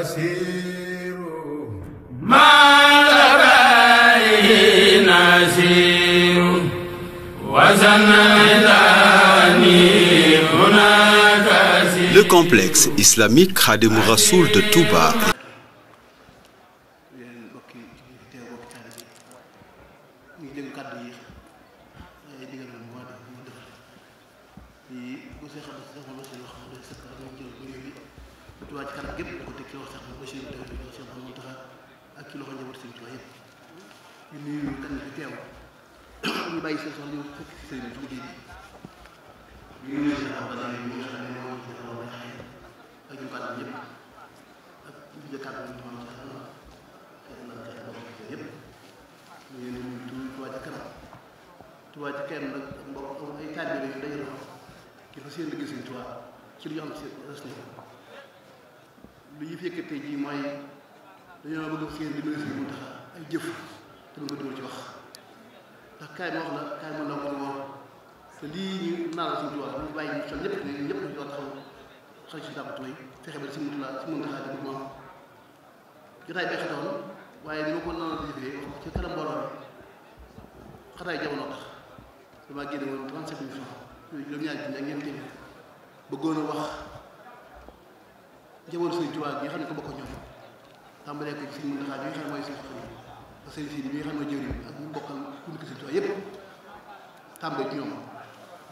asiru malabay nasiru Le complexe islamique Khadim Rassoul de Touba Tuubaa ci kanam gépp bu ko teg ci loxo sax mu Basiru teg ci loxo Sëriñ ak ci loxo njaboot Sëriñ Tuubaa yëpp ñu nuyu gan yi teew ñu bàyyi seen soxla ñëw ñu nuyu seen xam ne fa seen liggéey Sëriñ Tuubaa ci lu ñu am ci lu ñu fi yëkkatee ji mooy dañoo bëgg seen li muy sëriñ Muntaxa ay jëf te mën ko dóor ci wax ndax kaay ma wax la kaay ma la ko woon te lii ñu naan la suñu tubaab ñu bàyyi ñu sol si Muntaxa si Muntaxa di ko moom jotaay bi waaye ni ma ko naan la jëfee wax ci kanam ak ñeent téeméer bëggoon wax njaboot si Tuubaa gi nga xam ne ko bokk ñoom tàmbalee ko sëñ Muntaxaa bi nga xam ne mooy sëñ Xaadim ba bi nga xam ne jëriñ ak ñu bokkal ñu ko sëñ Tuubaa yépp tàmbalee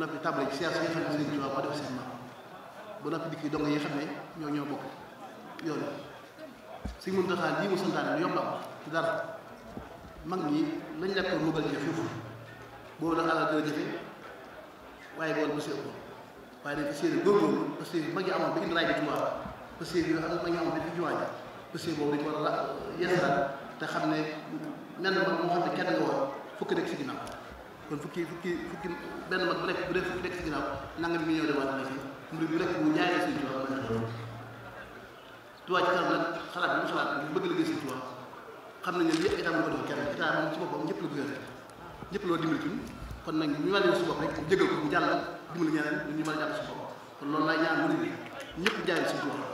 noppi tàmbalee ci siyaas yi nga xam ne sëñ Tuubaa moo def seen nga xam ne ñoo ñoo bokk yoon sëñ Muntaxaa lii mu santaane lu dara mag ñi lañ lekk mu jafe foofu boobu la alal dana jafe waaye bool bu seet ko waaye dañ fi séeréer mag yi amoon ba indi raay pësee bi nga xam ne ma ñu am dafi jumaa ji pësee boobu war a yeesalaat te xam ne mel mag moo xam ne kenn nga war fukki nekk si ginnaaw kon fukki fukki fukki benn mag bu nekk bu dee fukki nekk si ginnaaw nanga mi ñëw demaat si mbir bi rek bu ñaaree suñu tubaab mën na tubaab ci kanam nag xalaat bi mu xalaat ko def kenn état moom ci boppam ñëpp lu bëgg a def ñëpp loo dimbali ci kon nag ñu mel ne su bopp rek jàll dimbali ñu mën a jàpp su bopp kon loolu laay ñaan mu ne ñëpp jaay suñu tubaab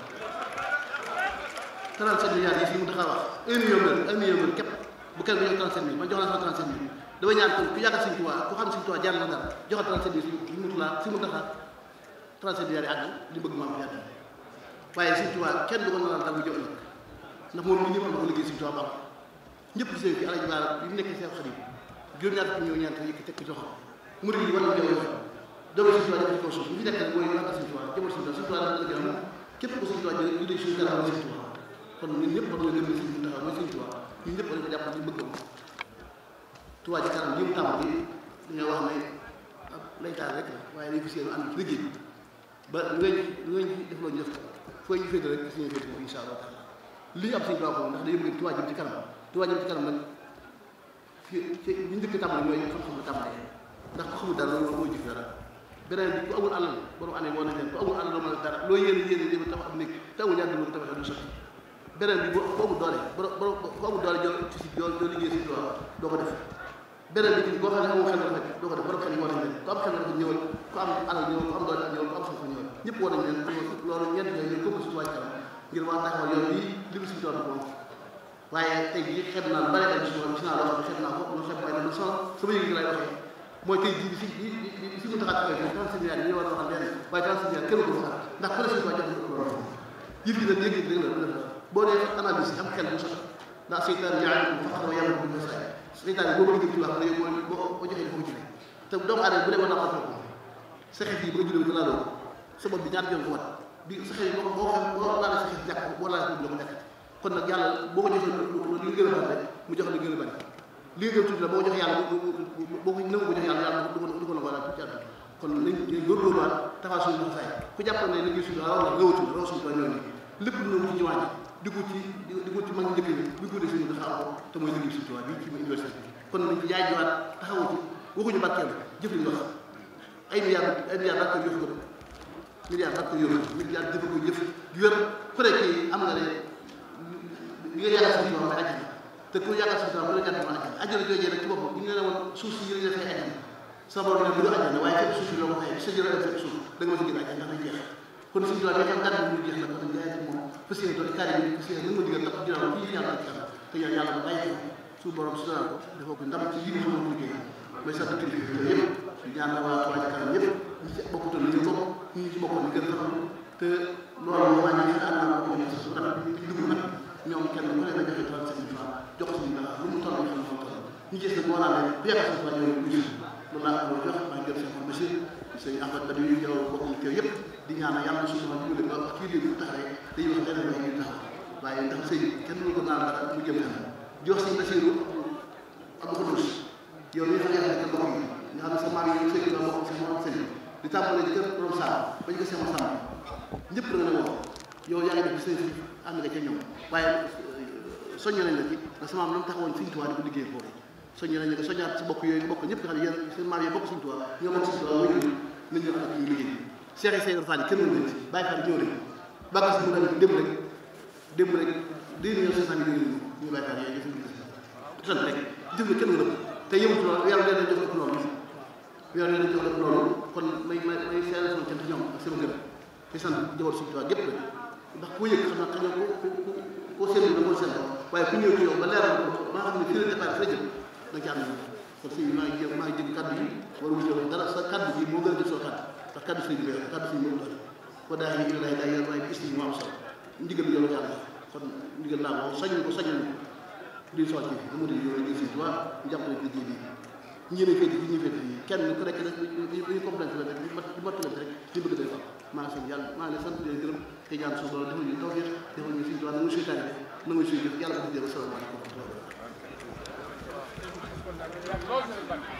37 milliards yi si mu taxaw wax 1 million mën 1 million mën képp bu kenn ku jox 37 mille man jox la sama 37 mille damay ñaan ko ku yàggal Sëriñ Tuubaa ku xam Sëriñ Tuubaa jaar na dara joxe 37 mille si mu tulaa si mu taxaw 37 milliards yi àgg li bëgg maam yàgg waaye Sëriñ Tuubaa kenn du ko nanal dal mu jox ëllëg ndax moom li ñëpp am ko liggéey Sëriñ Tuubaa baax ñëpp seen bi Alaaji Baara yi nekk seen xarit juróom ñaar fukk ñëw ñeent yëkk teg ci loxo murid yi war na jox doomu Sëriñ Tuubaa def ci kaw suuf ñu fi nekk mooy yàggal Sëriñ Tuubaa jëmal Sëriñ Tuubaa Sëriñ Tuubaa dafa la gën a képp ku Sëriñ Tuubaa jël ñu dee suñu dara Sëriñ Tuubaa kon ñun ñëpp war na gëm ne Sëriñ Muntaxa mooy Sëriñ Tuubaa ñun ñëpp war nañu ko jàpp ñu bëgg ko Tuubaa ci kanam jëm tàmm bi dañoo wax ne lay taal rek la waaye dañu fi seen ànd ci liggéey bi ba lu ngay lu ngay def loo ñu def fooy ñu féete rek suñu féete bi incha allah taala lii am Sëriñ Tuubaa ko ndax dañu bëgg Tuubaa jëm ci kanam Tuubaa jëm ci kanam nag fii ci ñu njëkk tàmbali mooy xam-xam la tàmbali ndax ko xamul dara loolu mooy jëf dara beneen bi ku amul alal borom année moo ne leen ku amul alal doo mën a dara loo yéene yéene dem tabax am nekk te amul ñaar dama ko tabaxee du sotti beneen bi boo ko amul doole boo ko amul doole joo ci joo joo liggéey si Tuubaa doo ko def beneen bi ci boo ne amul xel rafet doo ko def borom xel yi war nañ leen ko am xel mu si waaye tey jii xeeb naa lu bare ay gis naa loo xam ne xeeb naa ko lu xeeb waaye nag lu sama sama yëngu laay waxee mooy si mu taxaat ko yi ñu war a waxal leen waaye trente milliards kenn ko waxal ko jox ko yëf yi nag yëg-yëg rek la boo dee analyse am xel bu sax ndax seytaan yaañu ko faxar wa yàlla bu ñu saay seytaan boo ko liggéey ci wax ne yow boo boo joxee dafa te doomu aadama bu dee ba naa ko sa xeet yi ba ko di sa xeet yi boo ko la ko nekk kon nag yàlla boo ko joxee mu jox la boo ko jox yàlla boo ko yàlla yàlla du ko du ko la wala ci àdduna kon bu saay ku jàpp ne liggéey suñu raw la rawatu raw suñu ba ñëw lépp lu ñu ci wàññi di ko ci di ko ci mag njëkk ñi bu ko defee dafa am te mooy liggéey Sëriñ ci université bi kon nañ ci yaajuwaat taxawu ko yëf ko milliards dak ko yëf milliards jëf ko jëf ju wér ku nekk am nga la jàpp mooy àjjana àjjana joojee nag ci boppam bu ñu ne woon suuf si yéen dafay àjjana sa borom ne bu ñu àjjana waaye fekk suuf si loo ko xëy sa jël fekk suuf da nga ma si gën àjjana ndax day jeex kon Sëriñ Tuubaa bi xam moom pësiyee doon état yi pësiyee mën nga digal ndax dina la fii yàlla ak yàlla te yow yàlla mu bàyyi su borom su dara ko dafa ko ndam ci yi nga xam ne liggéey mooy sant kilifa yëpp di ñaan la waa Touba ca kanam yëpp ñi ci bokkutoon ñu bokk ñi ci bokkoon ñu gën a xam te loolu moo wàññi ànd naa ko moom su rafet bi dugg nag ñoom kenn ku ne na joxe trente sept mille jox suñu dara lu mu toll xam ne toll ñu gis ne moo laa ne yàlla sax ba ñëw ñu gis loolu laa ko jox maa ngi jël seen monsieur sëñ Ahmed Badi yow bokk ñu teew yëpp di ñaanal yàlla suñu ma dimbali ba kii lii bu tax rek day wax leneen wax ñu taxaw waaye ndax sëñ kenn mënu ko naan dara mu jëm kanam di wax sëñ Basiru Abdou Khoudoss yow li nga xam ne kenn borom yi nga xam ne sa maam yi sëñ la bokk sa morom sëñ di tàmbalee ci kër borom saam bañ ko sama saam ñëpp da nga wax yow yaa ngi def sëñ ànd nga ca ñoom waaye euh, soññu nañ la ci ndax sa maam lam taxawoon sëñ Tuubaa di ko liggéey foofu soññu nañ la ko soññaat si bokk yooyu bokk ñëpp nga xam ne yéen seen maam yi bokk sëñ Tuubaa ñoo bokk sëñ Tuubaa nañ ñu ànd ak ñu liggéey Cheikh yi Seydou Fall yi kenn mënu bàyyi Fall ñëw rek bàyyi Fall dem démb rek démb rek deux millions cinq cent mille ñu bàyyi Fall yooyu jëf ñu tan rek jëf na kenn mënu te yëngu loolu yàlla dina jox ëpp loolu yàlla dina jox ëpp loolu kon may may may seel sama cant di sant jabar suñu tubaab gépp ndax ku yëg xam na ko ko seetlu na maa xam ne fii la départ fii bi maa ngi jëm dara sa kaddu bi moo gën a jël soo kaddu ndax kaddu suñu bi kaddu suñu moom doole ko daa yi ilay day yor waaye gis ni mu am solo ndigal yow yàlla kon ndigal laa moom sañul ko sañul duñ soxla ci lu mu di yooyu gis ci waa ñu jàpp ne liggéey bi ñi ne féete ñi féete kenn ku nekk rek dañu complété la rek di mottalante rek li bëgg day wax maa ngi sant yàlla maa ngi sant leen gërëm te ñaan suñu borom defal ñu taw fiix defal ñu suñu tuwaa na nga suy tànn na nga suy jëf yàlla ko si jëf salaamaaleykum